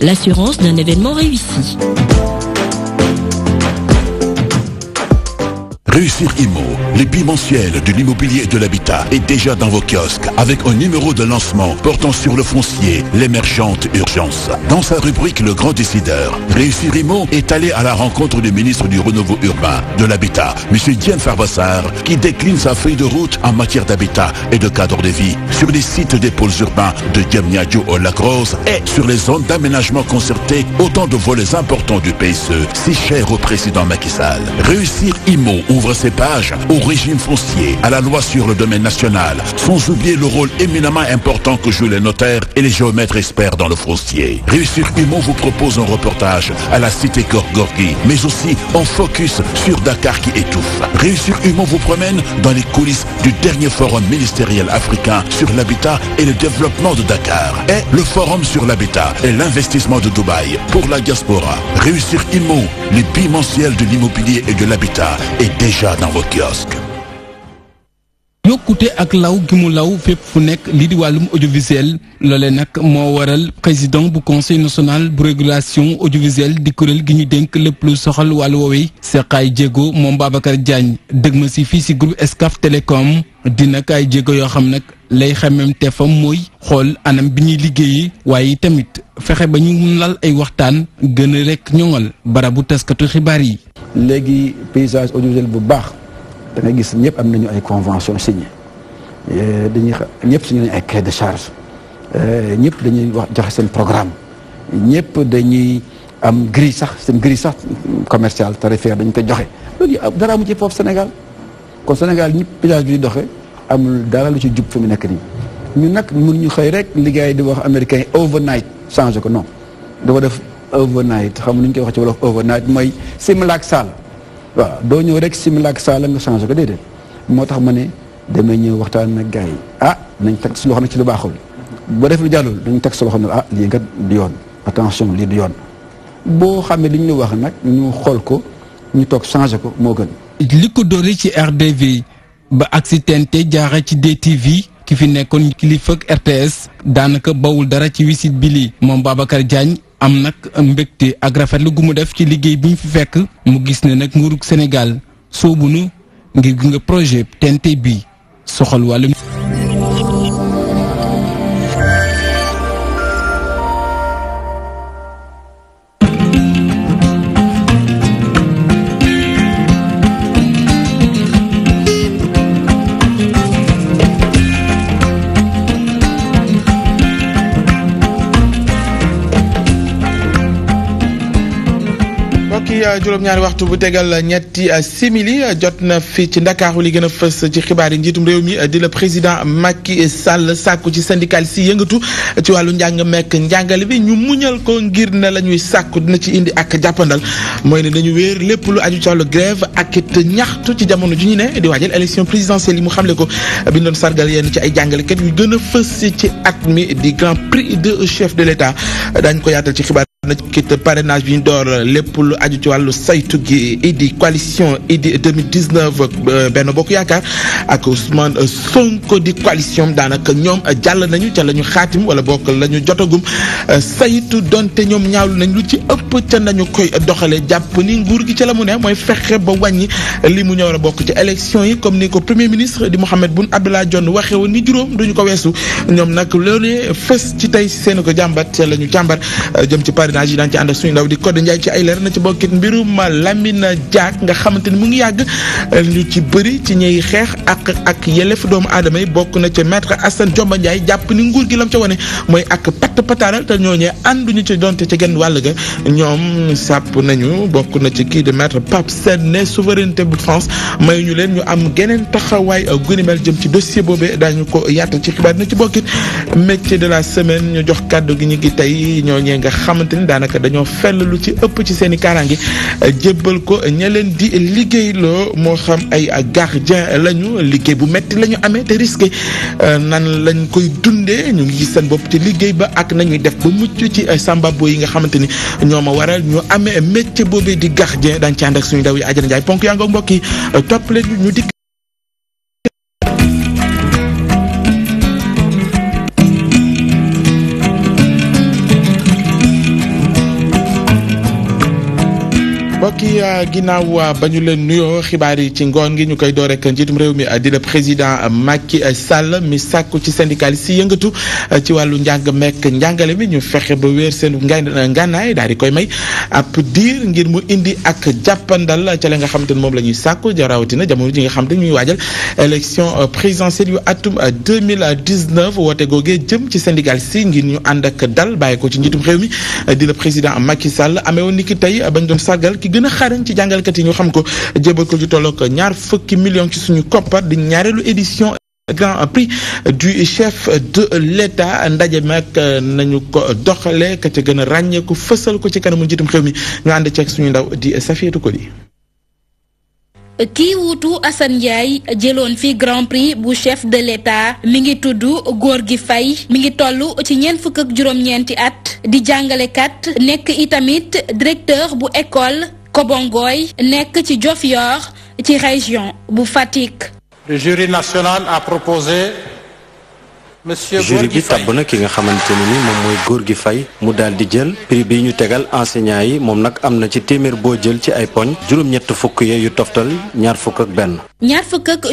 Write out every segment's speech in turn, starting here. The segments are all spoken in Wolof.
l'assurance d'un événement réussi. Réussir IMO, les mensuel de l'immobilier et de l'habitat, est déjà dans vos kiosques avec un numéro de lancement portant sur le foncier, l'émergente urgence. Dans sa rubrique Le Grand Décideur, Réussir IMO est allé à la rencontre du ministre du Renouveau Urbain, de l'Habitat, M. Diane Farbassar, qui décline sa feuille de route en matière d'habitat et de cadre de vie sur les sites des pôles urbains de Diamniadio au Lacrosse et sur les zones d'aménagement concerté, autant de volets importants du PSE, si cher au président Macky Sall. Réussir IMO ouvre ces pages au régime foncier, à la loi sur le domaine national, sans oublier le rôle éminemment important que jouent les notaires et les géomètres experts dans le foncier. Réussir Humo vous propose un reportage à la cité Gorgorgi, mais aussi en focus sur Dakar qui étouffe. Réussir Humo vous promène dans les coulisses du dernier forum ministériel africain sur l'habitat et le développement de Dakar et le forum sur l'habitat et l'investissement de Dubaï pour la diaspora. Réussir IMO, les bimensuels de l'immobilier et de l'habitat est déjà déjà dans vos kiosques. kouté ak law gi mu law fep fu nek li di walum audiovisuel lolé nak mo waral président bu conseil national bu régulation audiovisuel di kurel gi ñu denk le plus soxal wàllu woowee seqaay djégo mom Babacar Diagne deug ma si fi ci groupe Excaf Télécom dina kaay djégo yo xam nak lay xemmemte fa mooy anam bi ñuy waye tamit fexé ay rek ñongal barabu taskatu xibaar yi. légui paysage audiovisuel bu baax da nga gis am nañu ay convention signé eh, dañuy signé ay cahier de charge eh, dañuy wax joxe sen programme dañuy am sax sen sax commercial Sénégal ko Sénégal les paysage bi amul dara lu ci jub fi mu nekk nii ñun nag mun ñu xëy rek liggéey di wax américain overnight changé ko non dafa def overnight xam nu ñu koy wax ci wolof overnight mooy simlaak saal waaw doo ñëw rek simlaak saal nga changé ko déedéet moo tax ma ne damay ñëw waxtaan nag gars yi ah nañ teg si loo xam ne ci lu baaxul boo def lu jàllul dañ teg si loo xam ne ah lii nga du yoon attention lii du yoon boo xamee li ñu wax nag ñu xool ko ñu toog changé ko moo gën. ba agsi TNT jaaxa ci DTV ki fi nekkoon kilifa RTS daanaka bawul dara ci wisit bi lii moom Babacar Diagne am nag mbégte ak rafetlu gu mu def ci liggéey bi mu fi fekk mu gis ne nag nguurug Sénégal soobu nu ngir gunge projet TNT bi soxal wàllum juróom-ñaari waxtu bu tegal ñetti simili jot na fi ci dakar li gën fess ci xibaar yi njiitum réew mi di la président Macky Sall sàkku ci syndical si yëngatu ci walu njàng mekk njàngale bi ñu muñal ko ngir ne lañuy ñuy dina ci indi ak jappandal moy ne dañu wër lepp lu aju ci wàllu grève ak it ñaxtu ci jamono ju ñu ne di waajal élection présidentielle yi mu xamle ko bi ñu sargal yeen ci ay jàngalekat yu gën fess ci at mi di grand prix de chef de l'État dañ ko yaatal ci xibaar nañ kit parrainage bi ñu door lepp lu aju ci walu saytu gi idi coalition idi 2019 benn bokk yakar ak Ousmane Sonko di coalition danaka ñom jall nañu ca lañu ñu wala bokk lañu jotagum euh, saytu donte ñom ñaawlu nañ lu ci ëpp ca nañu koy doxale japp ni nguur gi ci la mu ne mooy fexe ba wañi li mu ñëw bokk ci élection yi comme ni ko premier ministre di Mohamed Boun Abdoulaye Dionne waxee woon ni juróom duñu ko wessu ñom nak loolee fess ci tay seen ko jambat la lañu jambar euh, jëm ci Paris parrainage yi daan ci ànd ak suñu ndaw di code Ndiaye ci ay leer na ci bokkit mbirum Lamine Diack nga xamante ni mu ngi yàgg ñu ci bëri ci ñuy xeex ak ak yelleef doomu aadama yi bokk na ca maître Assane Diomba Ndiaye jàpp ni nguur gi lam ca wane mooy ak patt pataaral te ñooñee ànduñu ci donte ci genn wàll ga ñoom sàpp nañu bokk na ci kii de maître Pape Sène souveraineté bu France may ñu leen ñu am geneen taxawaay gu ni jëm ci dossier boobee daañu ko yaatal ci xibaar ren daanaka dañoo fell lu ci ëpp ci seeni i kaaraange euh, jébbal ko ña leen di liggéeyloo moo xam ay gardien lañu liggéey bu metti lañu amee te risqué euh, nan lañ koy dundee ñu ngi gis seen bopp ci liggéey ba ak nañuy def ba mucc ci euh, sambabo yi nga xamante ni ñoo ma waral ñu amee métier boobee di gardien daan ci ànd ak suñu def yi Adja ponk yaa nga mbokk yi topp leen ñu dikk mbokk yi ah, ginnaaw ah, ba leen nuyoo xibaar yi ci ngoon gi ñu koy door rek njiitum réew mi ah, di le président Macky Sall mi sàkku ci syndicaliste yi yëngatu ci wàllu njàng mekk njàngale mi ñu fexe ba wéer seen ngànnaay daal di koy may ab diir ngir mu indi ak jàppandal ca la nga xamante ne moom la ñuy sàkku rawatina jamono ji nga xam ne ñuy waajal élection présidentielle yu atum 2019 woote googee jëm ci syndicaliste yi ngir ñu ànd ak dal bàyyi ko ci njiitum réew mi di le président Macky Sall amee woon ni ki tey bañ doon sargal ki gën a xarañ ci jàngalkat yi ñu xam ko jébal ko ci tolloog ñaar fukki million ci suñu koppar di ñaareelu édition grand prix du chef de l'État ndaje mag euh, nañu ko doxale ka ca gën a ràññeeku fësal ko ci kanamu njiitum xew mi ñu ànd ceeg suñu ndaw di Safiatou ko kii wuutu Assane Ndiaye jëloon fi grand prix bu chef de l'État mi ngi tudd góor gi fay mi ngi toll ci ñeent fukk at di jàngalekat nekk itamit directeur bu école Kobongoy nekk ci Diofior ci région bu Fatick. Le jury national a proposé bi tàbb na ki nga xamante ne ni moom mooy góor gi fay mu daal di jël prix bi ñu tegal enseignant yi moom nag am na ci téeméer boo jël ci ay poñ juróom-ñett fukk yee yu toftal ñaar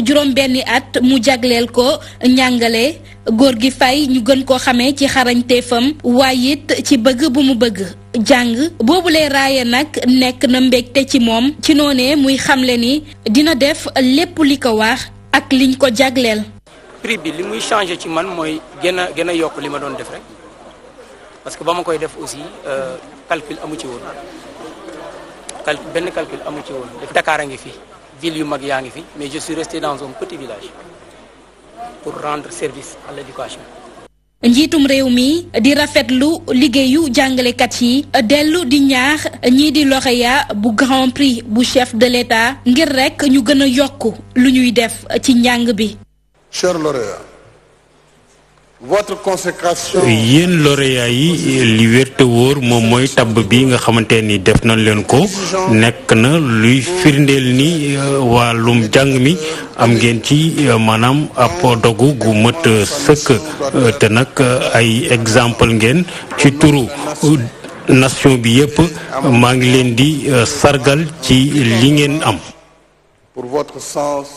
juróom benni at mu jagleel ko njàngale góor gi fay ñu gën koo xamee ci xarañteefam waaye it ci bëgg bu mu bëgg jàng lay raaye nak nek na mbégte ci mom ci noné muy xamlé ni dina def lépp li ko wax ak liñ ko jagleel. prix bi li muy changer ci man moy gëna gëna yok a li ma doon def rek parce que bama koy def aussi euh, calcul amu ci won cal benn calcul amu ci won def Dakar a fi ville yu mag yaa ngi fi mais je suis resté dans un petit village pour rendre service à l'éducation njiitum réew mi di rafetlu liggéeyu jàngalekat yi dellu di ñaax ñii di lauréat bu grand prix bu chef de l'État ngir rekk ñu gën a yokk lu ñuy def ci njàng bi. Cher yéen lauréats yi li wér te wóor moom mooy tabb bi nga xamante ni def nañ leen ko nekk na luy firndeel ni euh, wàllum jàng mi am ngeen ci euh, maanaam ab dogu gu mët euh, sëkk te nag ay exemple ngeen ci turu nation bi yépp maa ngi leen di sargal ci li ngeen am. pour votre sens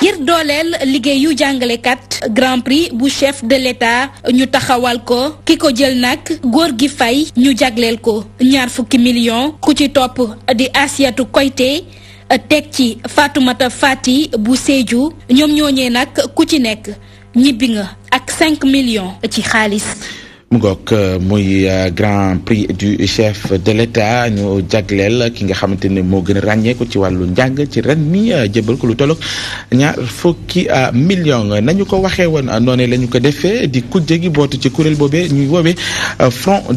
ngir dooleel yu jàngalekat grand prix bu chef de l'état ñu taxawal ko ki ko jël nag góor gi fay ñu jagleel ko ñaar fukki million ku ci topp di Asiatu Koyte teg ci Fatoumata Fati bu Sédhiou ñoom ñooñee nag ku ci nekk ñibbi nga ak 5 millions ci xaalis mu ngoog euh, muy euh, grand prix du chef de l'État ñu jagleel ki nga xamante ne moo gën a ràññeeku ci wàllu njàng ci ren mi euh, jëbal ko lu tolloog ñaar fukki million nañu ko waxee woon noonu la ñu ko defee di kujje gi bootu ci kuréel boobee ñuy woowee front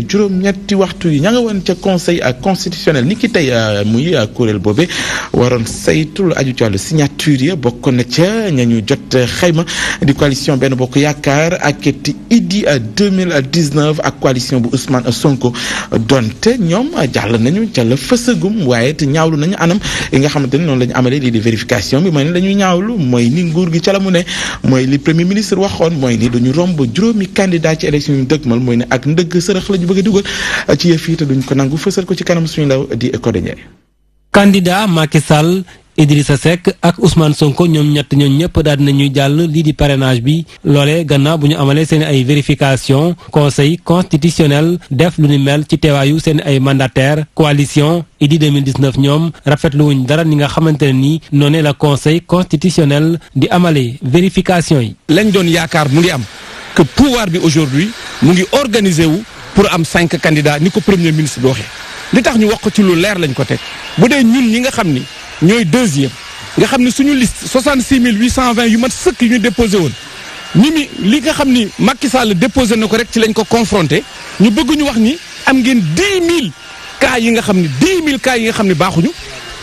juróom-ñetti waxtu yi ña nga woon ca conseil euh, constitutionnel ni ki tey euh, muy euh, kuréel boobe waroon saytu lu aju ci wàllu signature ya bokk na ca ña ñu jot xayma di coalition benn bokk yaakaar ak ti Idi 2019 ak coalition bu Ousmane Sonko donte ñoom jàll nañu ca la fësagum waaye te ñaawlu nañu anam yi nga xamante ni noonu la ñu amalee lii di vérification bi mooy ni la ñuy ñaawlu mooy ni nguur gi ca la mu ne mooy li premier ministre waxoon mooy ni dañu romb juróomi lañu bëgg a dugal uh, ci yëf duñ ko nangu fësal ko ci kanam suñu law di Codé candidat Macky Sall sa Seck ak Ousmane Sonko ñoom ñett ñoom ñëpp daal dina ñuy jàll lii di parrainage bi loole gannaaw bu ñu amalee seen ay vérification conseil constitutionnel def lu ni mel ci teewaayu seen ay mandataire coalition Idy 2019 ñoom rafetlu wuñ dara ni nga xamante ne nii noonee la conseil constitutionnel di amalee vérification yi. lañ doon yaakaar mu ngi am que pouvoir bi aujourd'hui mu ngi wu. pour am 5 candidats ni ko premier ministre bi waxee li tax ñu wax ko ci lu leer lañ ko tek bu dé ñun ñi nga xamni ñoy deuxième nga xamni suñu liste 66820 yu mat sëkk yu ñu déposé won ni mi li nga xamni Macky Sall déposé nako rek ci lañ ko confronté ñu bëgg ñu wax ni am ngeen 10000 cas yi nga xamni 10000 cas yi nga xamni ni baaxuñu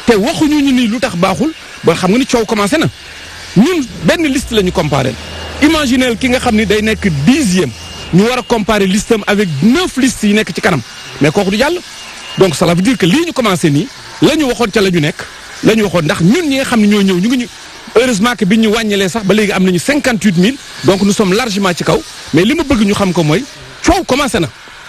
te waxuñu ñu ni lu tax baaxul ba xam nga ni ciow commencé na ñun benn liste lañu comparer comparé ki nga xamni day nekk dixième ñu war a comparer listam avec neuf listes yi nekk ci kanam mais kooku du jàll donc ça veut dire que lii ñu commencé nii la ñu waxoon ca la ñu nekk la ñu waxoon ndax ñun ñi nga xam ne ñoo ñëw ñu ngi ñu heureusement que bi ñu wàññilee sax ba léegi am nañu 58 000 donc nous sommes largement ci kaw mais li ma bëgg ñu xam ko mooy coow commencé na.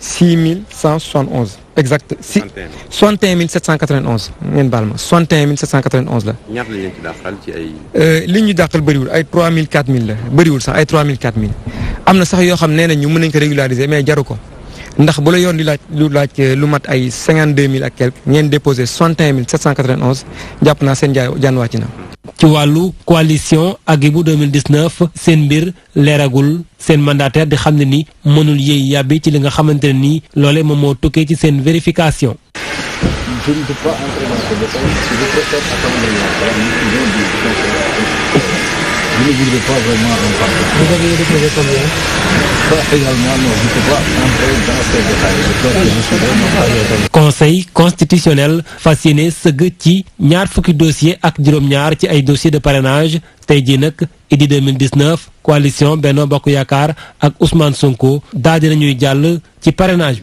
6171 exact si 61 791 ngeen baal ma 61 791 la. ñaata la ñu ci dàqal ci ay. Euh, li ñu dàqal bëriwul la bëriwul sax ay 3000 4000 am na sax yoo xam nee na ñu mën nañ ko régulariser mais jaru ko ndax bu la yoon di lu laaj euh, lu mat ay 52000 ak quelque ngeen déposé 61 791 jàpp naa seen jaay jaan wàcc ci wàllu coalition Aguibou 2019 seen mbir leeragul seen mandataire di xam ne ni mënul yéey yàbbi ci li nga xamante ne ni loole moo tukkee ci seen vérification. je ne voudrais pas vraiment en parler. Vous avez déposé combien Pas également, non, je ne peux pas entrer dans ces détails. Je crois que je suis vraiment pas conseil constitutionnel fasciné sëgg ci ñaar fukki dossier ak juróom-ñaar ci ay dossier de parrainage tay jii nak idi 2019 coalition Benno Bokk yakar ak Ousmane Sonko daal dinañuy jall ci parrainage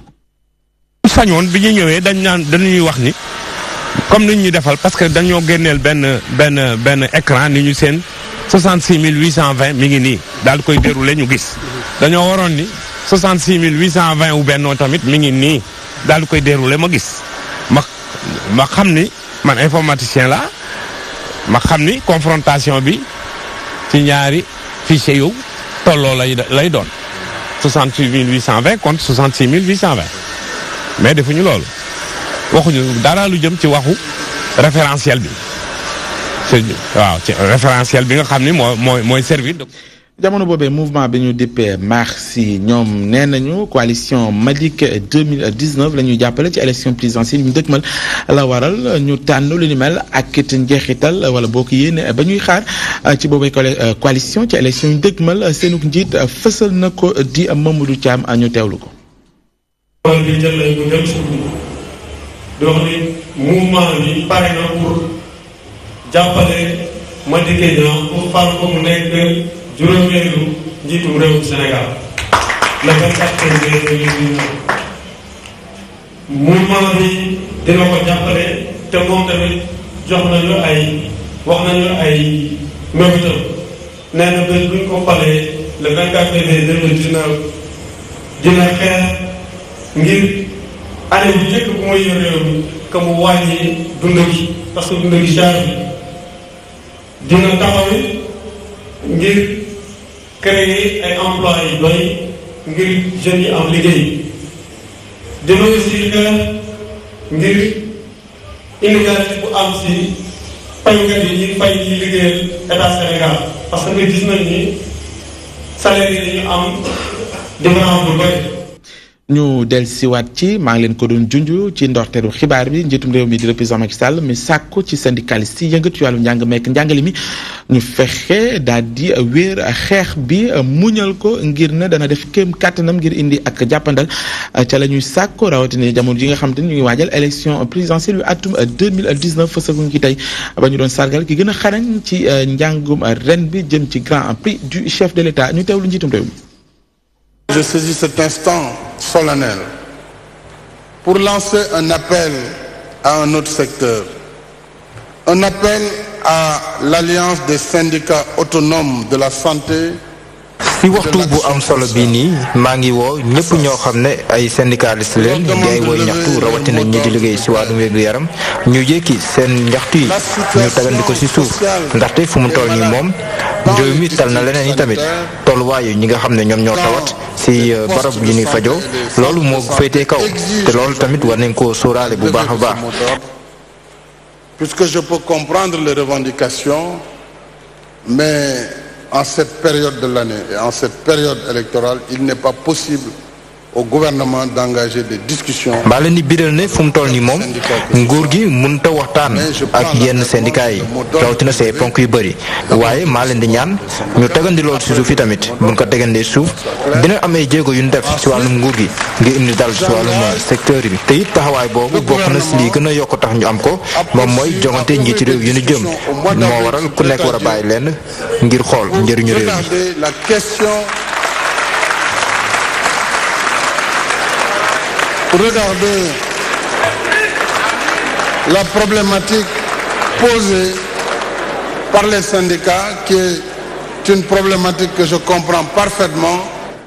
sañoon bi ñu ñëwee dañ naan dañuy wax ni comme ni ñu defal parce que dañoo génneel benn benn benn écran ni ñu seen 66 820 mi ngi nii daal koy déroulé ñu gis. dañoo waroon ni 66 820 wu bennoo tamit mi ngi nii daal koy déroulé ma gis ma ma xam ni man informaticien la ma xam ni confrontation bi ci ñaari fichier yow tolloo lay lay doon 66 820 contre 66 820. mais defuñu loolu waxuñu dara lu jëm ci waxu référentiel bi waaw ci référentiel bi nga xam ni moo mooy mooy servir jamono boobee mouvement bi ñu dippee Marsi ñoom nee nañu coalition Malik 2019 la ñuy jàppale ci élection présidentielle ñu dëkkmal la waral ñu tànn lu ni mel ak it njeexital wala boo ko yéene ba ñuy xaar ci boobee coalition ci élection ñu dëkkmal seenuk njiit fësal na ko di Mamadou Thiam ñu teewlu ko borom bi jël lay ko jël suñu di wax ni mouvement na mu nekk juróomeelu bi dina ko jàppale te moom tamit jox nañu ay wax nañu ay mébétam nee na bés bu ñu ko falee le 24 février 2019 dina xeex ngir année bi njëkk bu may yore réew mi que mu wàññi dund gi parce que dund gi cher dina taxawi ngir créer ay emploi yi doy ngir jeunes yi am liggéey dina aussi xeex ngir inégalité bu am si paykat yi ñuy fay ñuy liggéeyal état Sénégal parce que gis nañ ni salaire yi dañu am différence bu ñu del siwaat ci maa ngi leen ko doon junj ci ndorteelu xibaar bi njiitum réew mi di président Macky Sall mi sàkku ci syndicaliste yi yëngatu wàllu njàng mekk njàngale mi ñu fexe daal di wéer xeex bi muñal ko ngir ne dana def kéem kàttanam ngir indi ak jàppandal ca la ñuy sàkku rawatina jamono yi nga xam te ne ñu ngi waajal élection présidentielle yu atum 2019 fësaguñ ki tey ba ñu doon sargal ki gën a xarañ ci eh, njàngum ren bi jëm ci grand prix du de l' ñu teewlu njiitum réew mi Je saisis cet instant solennel pour lancer un appel à un autre secteur, un appel à l'Alliance des syndicats autonomes de la santé fi waxtu bu am solo bi ni ma ngi wo ñepp ño xamne ay syndicaliste leen di ay woy ñaxtu na ñi di liggéey ci wàllum wér yaram ñu jéki seen ñaxtu yi ñu tagandiko ci suuf ndax tay fu mu toll ni mom réew mi tal na leneen i tamit toll way yi nga xamne ñom ño tawat ci euh, barab yi ni fajo loolu mo fété kaw té loolu tamit war nañ ko sóoraale bu baax baax puisque je peux comprendre les revendications mais en cette période de l'année et en cette période électorale, il n'est pas possible au gouvernement d'engager des discussions. mbaa leen di biral ne fu mu toll nii moom nguur gi mënut a waxtaan ak yenn syndicats yi rawatina see ponk yu bëri waaye maa leen di ñaan ñu tegandi loolu si suuf yi tamit buñ ko tegandee suuf dina am ay jéego yu ñu def si wàllum nguur gi ngir indi dal si wàllum euh, secteur bi. te taxawaay boobu bokk na si lii gën a yokk tax ñu am ko moom mooy jongante njiiti réew yu ñu jëm moo waral ku nekk war a bàyyi leen ngir xool njëriñu réew mi. Regardez la problématique posée par les syndicats, qui est une problématique que je comprends parfaitement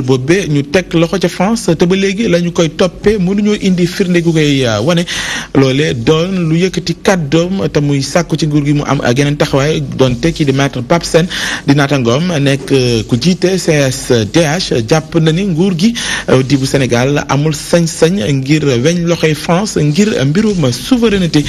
tribunal boobee ñu teg loxo ca France te ba léegi la ñu koy toppee mënuñoo indi firnde gu koy euh, wane loolee doon lu yëkkati doom te muy sàkku ci nguur gi mu am ak yeneen taxawaay donte kii di maître Pape Sène di naatangoom nekk euh, ku jiite CSDH jàpp na ni nguur gi euh, di bu Sénégal amul sañ-sañ ngir weñ loxoy France ngir mbirum souveraineté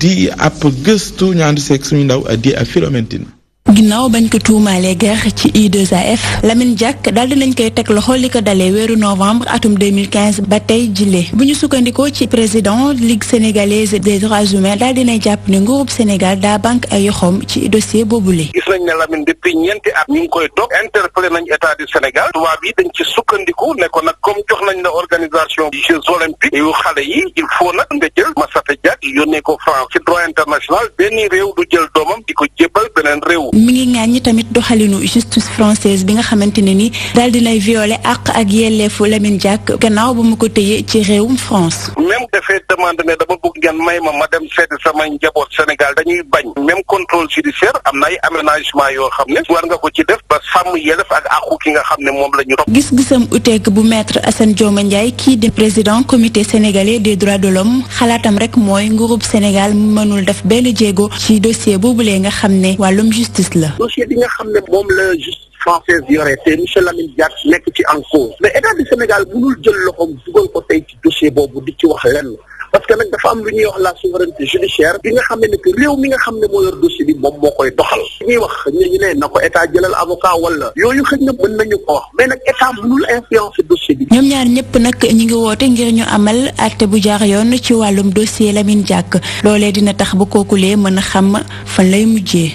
di ab gëstu ñaandu seeg suñu ndaw di Philomène Tine ginnaaw bañ ko tuumaalee guerre ci I2AF Lamine diak dal dinañ koy teg loxo li ko dalee weeru novembre atum 2015 ba tey jile bu ñu sukkandikoo ci président ligue sénégalaise des droits humains dal dinay jàpp ne nguurub Sénégal daa banque ay yoxoom ci dossier boobule. gis nañ ne Lamine depuis ñeenti at ñu ngi koy topp interpellé nañ état du Sénégal tubaab bi dañ ci sukkandiku ne ko nag comme jox nañ la organisation jeux olympiques yu xale yi il faut nag nga jël Massata Diack yónnee ko France ci droit international benn réew du jël doomam di ko jébbal beneen réew mi ngi ŋàññi tamit doxalinu justice française bi nga xamante ne ni daal dinay violé àq ak yelleefu Lamine Diack gannaaw ba mu ko tëyee ci réewum France. même dafay demande ne dama bëgg ngeen may ma ma dem seeti sama njaboot Sénégal dañuy bañ même contrôle judiciaire am na ay aménagement yo xamné war nga ko ci def ba sàmm yelleef ak akku ki nga xamné mom moom la ñu topp. gis-gisam uteeg bu maître Assane Dioma Ndiaye ki di président comité sénégalais des droits de l'homme xalaatam rek moy nguurub Sénégal mënul def benn djégo ci dossier boobu lé nga xamné walum justice justice la. dossier bi nga xam ne moom la justice française yore te monsieur Lamine Diack nekk ci en cause mais état du Sénégal mënul jël loxoom dugal ko tey ci dossier boobu di ci wax lenn. parce que nag dafa am lu ñuy wax la souveraineté judiciaire bi nga xam ne que réew mi nga xam ne moo yor dossier bi moom moo koy doxal ñuy wax ñu ñu ne na ko état jëlal avocat wala yooyu xëy na mën nañu ko wax mais nag état mënul influencer dossier bi ñoom ñaar ñëpp nag ñi ngi woote ngir ñu amal àtte bu jaar yoon ci wàllum dossier Lamine Diack loolee dina tax ba kookulee mën a xam fan lay mujjee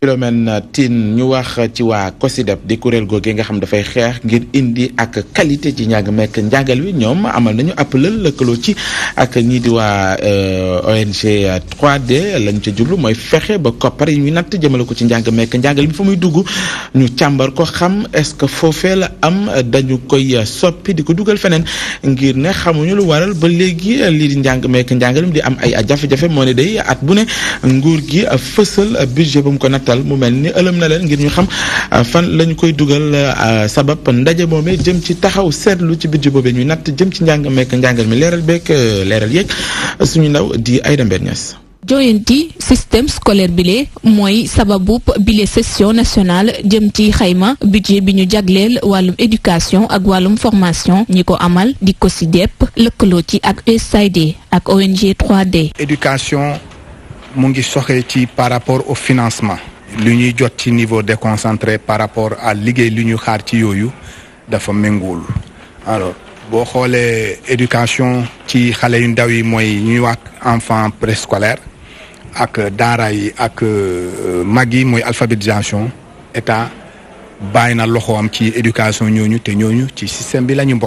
Philomène Tine ñu wax ci waa COSYDEP di kuréel googu nga xam dafay xeex ngir indi ak qualité ci njàng mekk njàngal wi ñoom amal nañu ab lëkkaloo ci ak ñii di waa euh, ONG 3D lañ ca jublu mooy fexe ba koppar yi ñu natt jëmale ko ci njàng mekk njàngal bi fa muy dugg ñu càmbar ko xam est-ce que foofee la am dañu koy soppi di ko dugal feneen ngir ne xamuñu lu waral ba léegi lii di njàng mekk njàngal mi di am ay jafe-jafe moo ne day at bu ne nguur gi fësal budget ba mu ko natt njeexital mu melni ni na len ngir ñu xam ah, fan lañ koy duggal ah, sabab ndaje momé jëm ci taxaw seetlu ci budget bobé ñuy natt jëm ci njàng meek njàngal mi léral beek eh, léral yek suñu ndaw di Aïda Mber Niass joyanti système scolaire lé moy sababu lé session nationale jëm ci xayma budget bi ñu jagleel walum éducation ak walum formation ñiko amal di ko ci depp lekkolo ci ak USAID e ak ONG 3D. éducation mu ngi soxé ci par rapport au financement li ñuy jot ci niveau déconcentré par rapport à liggéey li ñu xaar ci dafa méngool alors bo xolé éducation ci xalé yu ndaw yi moy ñuy wax enfant préscolaire ak daara yi ak euh, mag moy alphabétisation état bayina loxo am ci éducation ñooñu te ñooñu ci système bi la ñu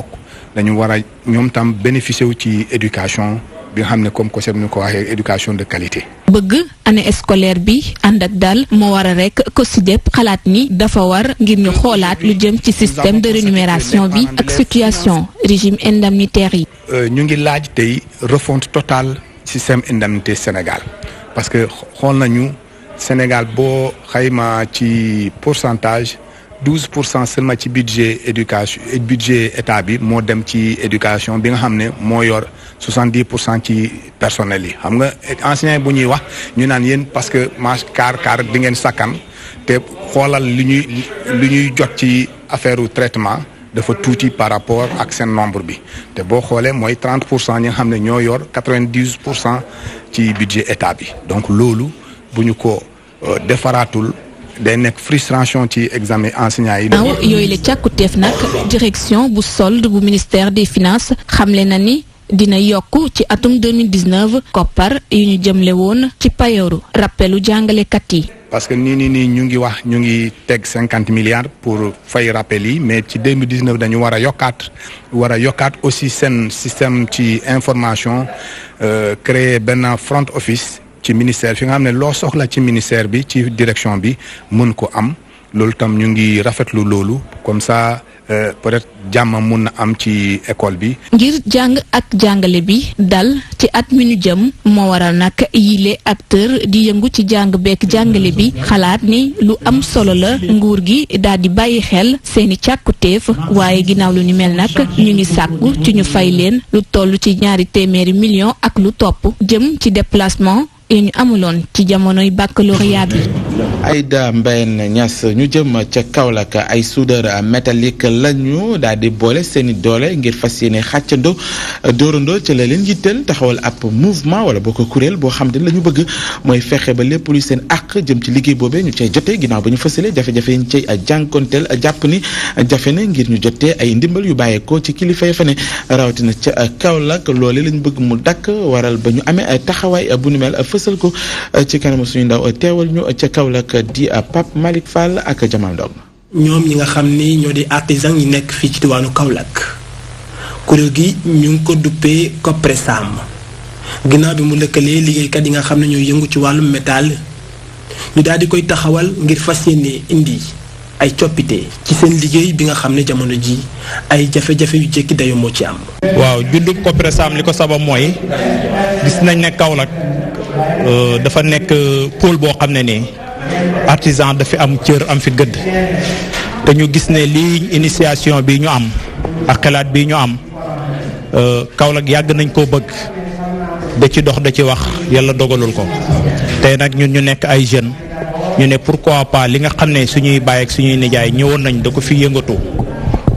dañu wara ñom tam bénéficier ci éducation bi xamne comme ko seet ñu ko waxee éducation de qualité. bëgg année scolaire bi ànd ak daal moo war rek ko si jëpp xalaat ni dafa war ngir ñu xolaat lu jëm ci système de rémunération bi ak situation régime indemnitaire yi. Euh, ñu ngi laaj tay refonte totale système indemnité Sénégal parce que xol nañu Sénégal bo xayma ci pourcentage. 12 seulement ci budget éducation et budget état bi mo dem ci éducation bi nga xamné mo yor 70 ci personnel yi xam nga enseignant bu ñuy wax ñu naan yeen parce que marche car car di ngeen sakkan té xolal li ñuy li ñuy jot ci affaire traitement dafa tuuti par rapport ak sen nombre bi te boo xoolee mooy 30 pour cent ñi nga xam ne ñoo yor 90 pour cent ci budget état bi donc loolu bu ñu ko euh, defaraatul day nek frustration ci examen enseignant yi. naaw yooyu la càkkuteef nak direction bu solde bu ministère des finances xamle na ni dina yokku ci atum 2019 copar yu ñu jëmle won ci payoru rappelu kat yi. parce que ni ni ni ñu ngi wax ñu ngi teg 50 milliards pour fay rappel yi mais ci 2019 dañu wara yokkat wara yokkat aussi sen système ci information euh créer ben front office. ci ministère fi nga xam ne loo soxla ci ministère bi ci direction bi mën ko am loolu tam ñu ngi rafetlu loolu comme ça euh, peut-être jàmm mun na am ci école bi. ngir jàng ak jàngale bi dal ci at mi ñu jëm moo waral nag yile acteur di yëngu ci jàng beek jàngale bi xalaat ni lu am solo la nguur gi daal di bàyyi xel seeni càkkutéef waaye ginnaaw lu ni mel nag ñu ngi sàkku ci ñu fay leen lu toll ci ñaari téeméeri million ak lu topp jëm ci déplacement. yi ñu amuloon ci jamonoy baccalauréat bi ay Aïda Mbayène Niass ñu jëm ca Kaolack ay soudeur métallique lañu daal di boole seen i doole ngir fas yéene xàccandoo dóorandoo ca la leen yitteel taxawal ab mouvement wala boo ko kuréel boo xam te ne la ñu bëgg mooy fexe ba lépp lu seen àq jëm ci liggéey boobee ñu cay jotee ginnaaw ba ñu fësalee jafe-jafe yi ñu cay jànkonteel jàpp ni jafe na ngir ñu jotee ay ndimbal yu bàyyeekoo ci kilifa yi fa rawatina ca Kaolack loole lañu bëgg mu dakk waral ba ñu amee taxawaay bu nu mel fësal ko ci kanamu suñu ndaw teewal ñu ca Kaolack jàngalekat di Pape Malick fàll ak Jamal Ndong. ñoom yi nga xam ni ñoo di artisan yi nekk fii ci diwaanu Kaolack kuréel gi ñu ngi ko duppee Copresam ginnaaw bi mu lëkkalee liggéeykat yi nga xam ne ñoo yëngu ci wàllu métal ñu daal di koy taxawal ngir fas yéene indi ay coppite ci seen liggéey bi nga xam ne jamono ji ay jafe-jafe yu jékki dayo moo ci am. waaw juddub Copresam li ko sabab mooy gis nañ ne Kaolack euh, dafa nekk pôle boo xam ne nii. artisan dafi am cër am fi gëdd te ñu gis ne lii initiation bi ñu am ak xalaat bi ñu am euh, Kaolack yàgg nañ koo bëgg da ci dox da ci wax yàlla dogalul ko tey nag ñun ñu nekk ay jeunes ñu ne pourquoi pas li nga xam ne suñuy bàyyi ak suñuy nijaay ñëwoon nañ da ko fi yëngatu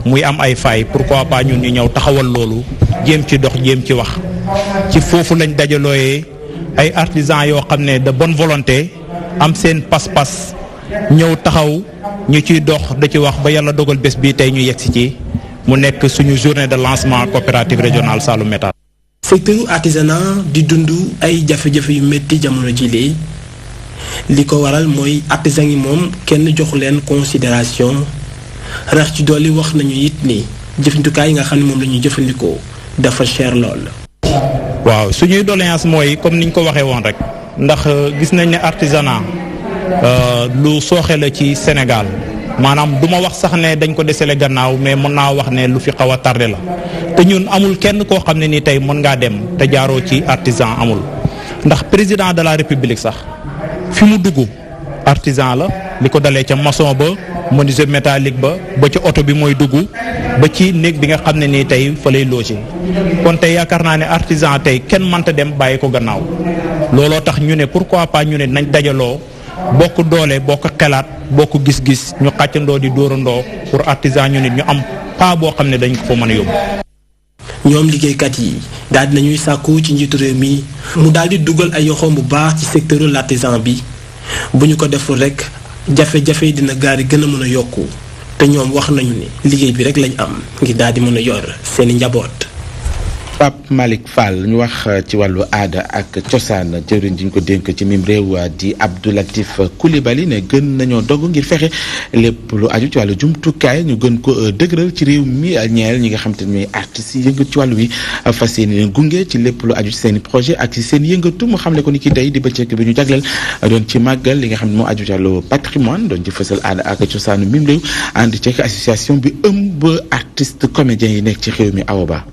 muy am ay faay pourquoi pas ñun ñu ñëw taxawal loolu jéem ci dox jéem ci wax ci foofu lañ dajalooyee ay artisans yoo xam ne de bonne volonté am seen pas-pas ñëw taxaw ñu ciy dox da ci wax ba yàlla dogal bés bi tey ñu yegsi ci mu nekk suñu journée de lancement coopérative régionale saalu Métal. secteur artisanat di dund ay jafe-jafe yu metti jamono ji lii li ko waral mooy artisan ngi moom kenn joxu leen considération rax ci dolli wax nañu it ni jëfandikaay yi nga xam ne moom la ñuy jëfandikoo dafa cher lool. waaw suñuy doléance mooy comme niñ ko waxee woon rek. ndax euh, gis nañ ne artisanat euh, lu sooxe la ci Sénégal maanaam du ma wax sax ne dañ ko desele gannaaw mais mën naa wax ne lu fi xaw a tardé la te ñun amul kenn koo xam ne ni tey mën ngaa dem te jaaroo ci artisan amul ndax président de la république sax fi mu dugg artisan la. li ko dalee ca maçon ba menuisier métallique ba ba ca oto bi mooy dugg ba ci néeg bi nga xam ne nii tey fa lay loger kon tey yaakaar naa ne artisan tey kenn mënta dem bàyyi ko gannaaw looloo tax ñu ne pourquoi pas ñu ne nañ dajaloo bokk doole bokk xelaat bokk gis-gis ñu xàccandoo di dóorandoo pour artisan ñu nit ñu am pas boo xam ne dañ ko fa mën a yóbbu. ñoom liggéeykat yi daal di nañuy sàkku ci njiitu réew mi mu daal di dugal ay yoxoom bu baax ci secteur l'artisan bi bu ñu ko deful rek jafe-jafe yi dina gaari gën a mën a yokku te ñoom wax nañu ni liggéey bi rek lañ am ngir daal di mën a yor seeni njaboot. Pape Malik Fall ñu wax euh, ci walu aada ak cosaan jëwriñ ji ñu ko dénk ci mim réew euh, di Abdou Latif Koulibaly ne gën nañu dogg ngir fexé lepp lu aju ci jumtu kay ñu gën ko euh, dëgëral ci réew mi ñeel ñi nga xam te ne ci walu wi fas gungé ci lepp lu aju ci seen projet ak ci seen yëngatu mu xamlé ko ni ki tey di bëcëk bi ñu jagleel doon ci magal li nga xam mo aju ci wàllu patrimoine doon ci fësal aada ak cosaanu mim réew ànd ci association bi ëmb artiste Comédien, yi nekk ci réew mi awoba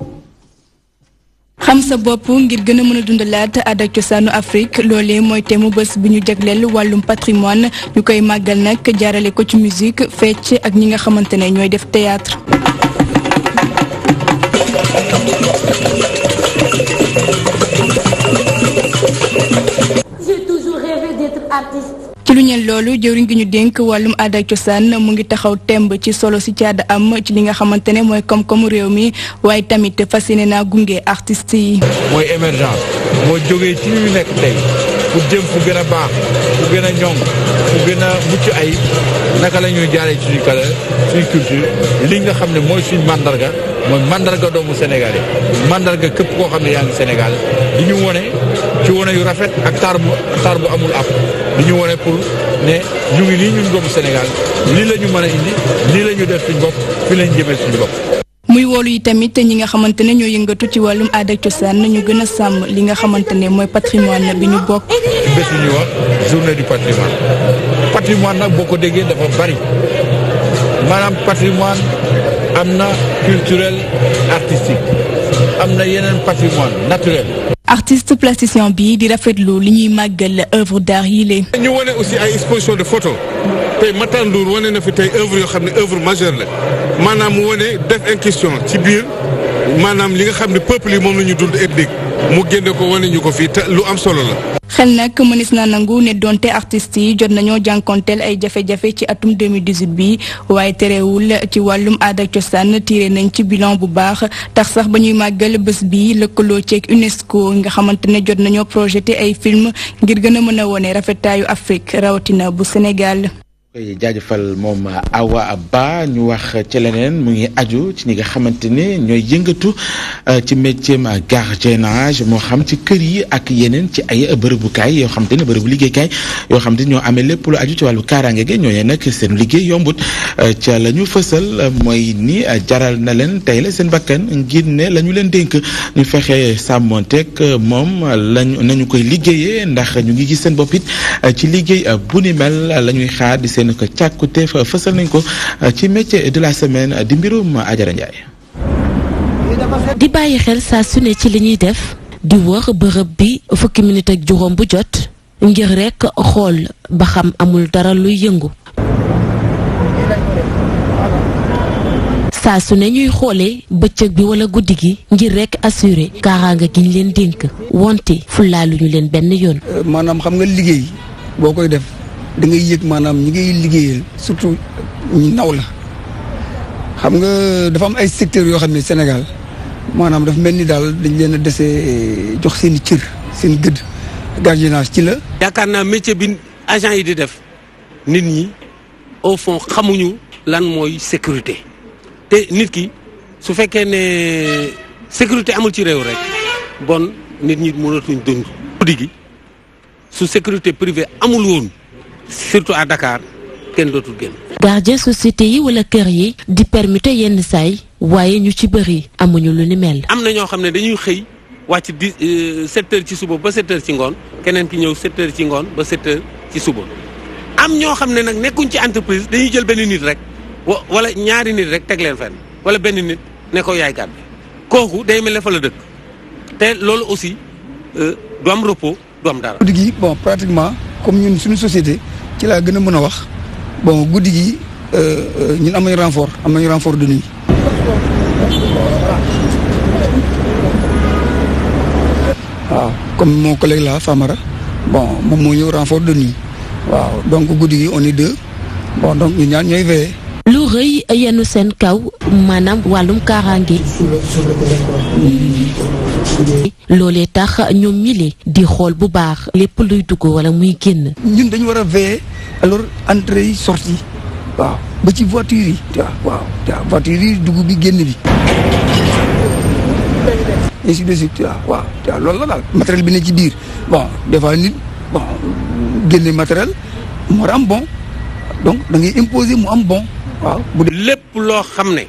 xam sa bopp ngir gën a mën a dundalaat aada ak cosaanu Afrique loolee mooy teemu bés bi ñu jagleel wàllum patrimoine ñu koy màggal nag jaarale ko ci musique fecc ak ñi nga xamante ne ñooy def théâtre loolu jëwriñ ñu dénk wàllum aada ak cosaan mu ngi taxaw temb ci solo si caada am ci li nga xamante ne mooy koom réew mi waaye tamit fas yéene naa gunge artistes yi. mooy émergence moo jógee ci ñu jëm fu a baax fu gën a mucc ay naka la ñuy jaaree ci suñu xam ne mooy suñu mandarga mooy mandarga doomu Sénégal yi këpp koo xam ne yaa ngi Sénégal di ñu wone ci wone yu rafet ak taar bu bu amul ab di ñu wane pour ne ñu ngi nii ñun doomu Sénégal lii la ñu mën a indi lii la def suñu bopp fi lañ jëmee suñu bopp. muy woolu yi tamit ñi nga xamante ne ñoo yëngatu ci wàllum aada ak cosaan ñu gën a sàmm li nga xamante ne mooy patrimoine bi ñu bokk. bés bi ñuy wax journée du patrimoine patrimoine nag boo ko déggee dafa bari maanaam patrimoine am na culturel artistique am na yeneen patrimoine naturel. artiste plasticien bi di rafetlu li ñuy màggal œuvre d'art yi lee ñu wane aussi ay exposition de photo tey matandour Ndour wane na fi tey œuvre yoo xam ne œuvre majeure la maanaam mu wane def une question ci biir maanaam li nga xam ne peuple yi moom la ñu dund ethnique mu génne ko wane ñu ko fii te lu am solo la. xel nag mënees naa nangu ne donte artistes yi jot nañoo jànkonteel ay jafe-jafe ci atum 2018 bi waaye terewul ci wàllum aada ak cosaan tiré nañ ci bilan bu baax tax sax ba ñuy màggal bés bi lëkkaloo ceeg UNESCO nga xamante ne jot nañoo projeté ay film ngir gën a mën a wone rafetaayu Afrique rawatina bu Sénégal. koy jaajëfal moom Awa Ba ñu wax ci leneen mu ngi aju ci ñi nga xamante ne ñooy yëngatu euh, ci métier gardiennage moo xam ci kër yi ak yeneen ci ay bërëbukaay yoo xamante ne bërëbu liggéeykaay yoo ñoo amee lépp lu aju ci wàllu kaaraange gi ñooñu nag seen liggéey yombut euh, ca la ñu fësal mooy ni euh, jaral na leen tey la seen bakkan ngir ne la ñu leen dénk ñu fexe sàmmonteeg moom lañ nañu koy liggéeyee ndax ñu ngi gis seen bopp it ci liggéey bu ni mel la ñuy xaar di seen seen ko càkkute fa fësal nañ ko euh, ci métier de la semaine di mbirum Ajara Ndiaye. di bàyyi xel saa su ci li ñuy def di wër bërëb bi fukki minute ak juróom bu jot ngir rekk xool ba xam amul dara luy yëngu. saa su ne ñuy xoolee bëccëg bi wala guddi gi ngir rek assurer kaaraanga gi ñu leen dénk wonte fulaaluñu leen benn yoon. Euh, maanaam xam nga liggéey boo koy def. da ngay yëg maanaam ñi ngay liggéeyal surtout ñu naw la xam nga dafa am ay secteurs yoo xam ne Sénégal maanaam daf mel ni daal dañ leen a desee eh, jox seen i cër seen gëdd gardiennage ci la. yaakaar naa métier bi agent yi di def nit ñi au fond xamuñu lan mooy sécurité te nit ki su fekkee ne sécurité amul ci réew rek bon nit ñi mënatuñ dund. guddi gi su sécurité privée amul woon. surtout à Dakar kenn dootul génn. gardien société yi wala kër yi. di permuter yenn saay waaye ñu ci bëri amuñu lu ni mel. am na ñoo xam ne dañuy xëy wàcc di 7 euh, heures ci suba ba 7 heures ci ngoon keneen ki ñëw secteur heures ci ngoon ba 7 ci suba am ñoo xam ne nag nekkuñ ci entreprise dañuy jël benn nit rek wa wala ñaari nit rek teg leen fenn wala benn nit ne ko kooku day mel ne fa la dëkk te loolu aussi euh, du am repos du dara. pratiquement. comme ñun suñu société ci laa gën a mën a wax bon guddi gi euh, euh, ñun am nañu renfort am nañu renfort de nuit. waaw comme moo collègue là Famara bon moom moo ñëw renfort de nuit waaw donc guddi gi on est bon donc ñu ñaar ñooy veillé. lu rëy yenu seen kaw maanaam wàllum kaaraange. loolee tax ñoom ñi di xool bu baax lépp luy dugg wala muy génn. ñun dañu war a veiller alors entrée yi sortie waaw ba ci voiture yi. waaw waaw dugg bi génn bi. ainsi de suite waaw waaw la daal matériel bi ne ci biir bon des fois nit bon génne matériel mu am bon donc da ngay mu am bon waaw. bu dee lépp loo xam ne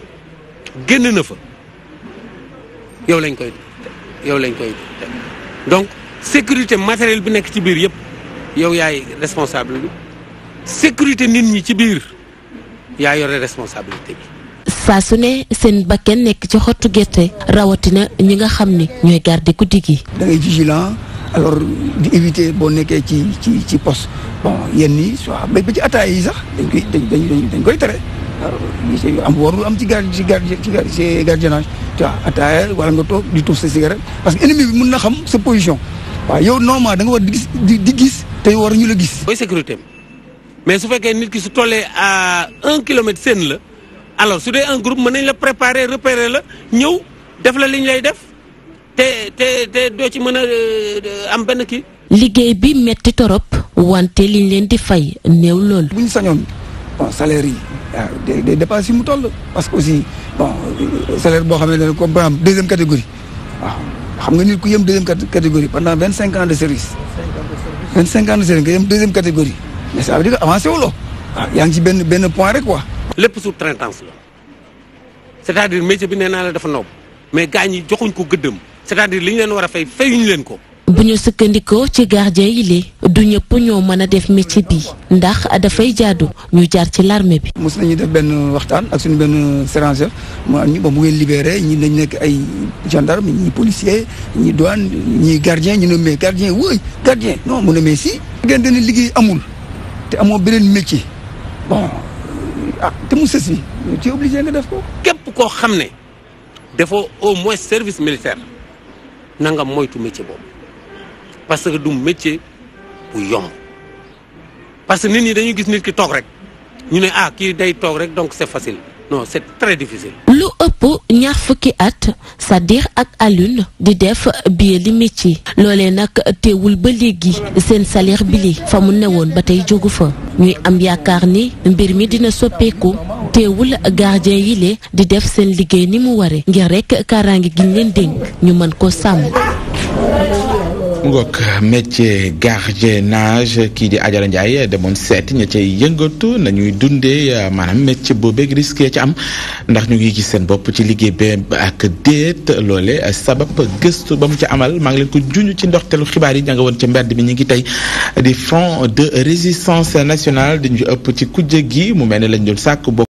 génn na fa yow lañ koy. yow lañ koy donc sécurité matérielle bi nekk ci biir yëpp yow yaay responsable sécurité nit ñi ci biir yaa yore responsabilité bi. saa seen bakken nekk ci xottu rawatina ñi nga xam ñooy guddi gi. vigilant alors éviter boo nekkee ci ci ci poste bon soit ba ci yu am warul am ci gar ci gar ci gardiennage tu vois ataaya wala nga toog di tuuf sa cigarette parce que ennemi bi mun na xam sa position waaw yow normalement da nga war di gis gis te war ñu la gis. mooy sécurité mais su fekkee nit ki su tollee à un kilomètre seen la alors su dee un groupe mën nañ la préparer repérer la ñëw def la li ñu lay def te te te doo ci mën a euh, am benn ki liggéey bi metti torop wante liñ leen di fay néew loolu. bu sañoon. bon salaire yi waaw des mu toll parce que aussi bon salaire boo xamante ne comme par exemple deuxième catégorie xam nga nit ku yem deuxième catégorie pendant vingt cinq ans de service. vingt cinq ans de service nga yem deuxième catégorie mais ça veut dire que avancé ngi ci benn benn point rek quoi. lépp sous-traitance la c'est-à-dire métier bi nee naa la dafa noob mais gars ñi joxuñ ko gëddëm c'est-à-dire li ñu leen war a fay ñu leen ko. bu ñu sukkandikoo ci gardien yi li du ñëpp ñoo mën a def métier bi ndax dafay jaadu ñu jaar ci larme bi. mos nañu def benn waxtaan ak suñu benn sergent chef mu ñu ba mu ngeen libéré ñi dañ nekk ay gendarme ñi policier ñi douane ñi gardien ñu ne mais gardien wóoy gardien non mu ne mais si. ngeen dañu liggéey amul te amoo beneen métier bon ah te bi tu def ko. képp koo xam ne defoo au moins service militaire na nga moytu métier boobu. parce que du métier bu yomb parce que nit ñi dañuy gis nit ki toog rek ñu ne ah kii day toog rek donc c'est facile non c'est très difficile. lu ëpp ñaar fukki at Sadikh ak Alioune di def biye li métier loolee nag teewul ba léegi seen salaire bi li fa mu newoon ba tey jógu fa ñuy am yaakaar ni mbir mi dina soppeeku teewul gardien yi le di def seen liggéey ni mu waree ngir rek kaaraange gi leen dénk ñu mën ko sàmm. mu ngoog métier gardiennage kii di Adjara Ndiaye demoon seeti ña cay yëngatu nañuy dundee maanaam métier boobeeg risqué ci am ndax ñu ngi gis seen bopp ci liggéey bi ak déet loole sabab gëstu ba mu ci amal maa ngi leen ko junj ci ndoxtelu xibaar yi ña nga woon ci mbedd mi ñu ngi tey di front de résistance nationale di ëpp ci kujje gi mu mel ne lañ doon sàkk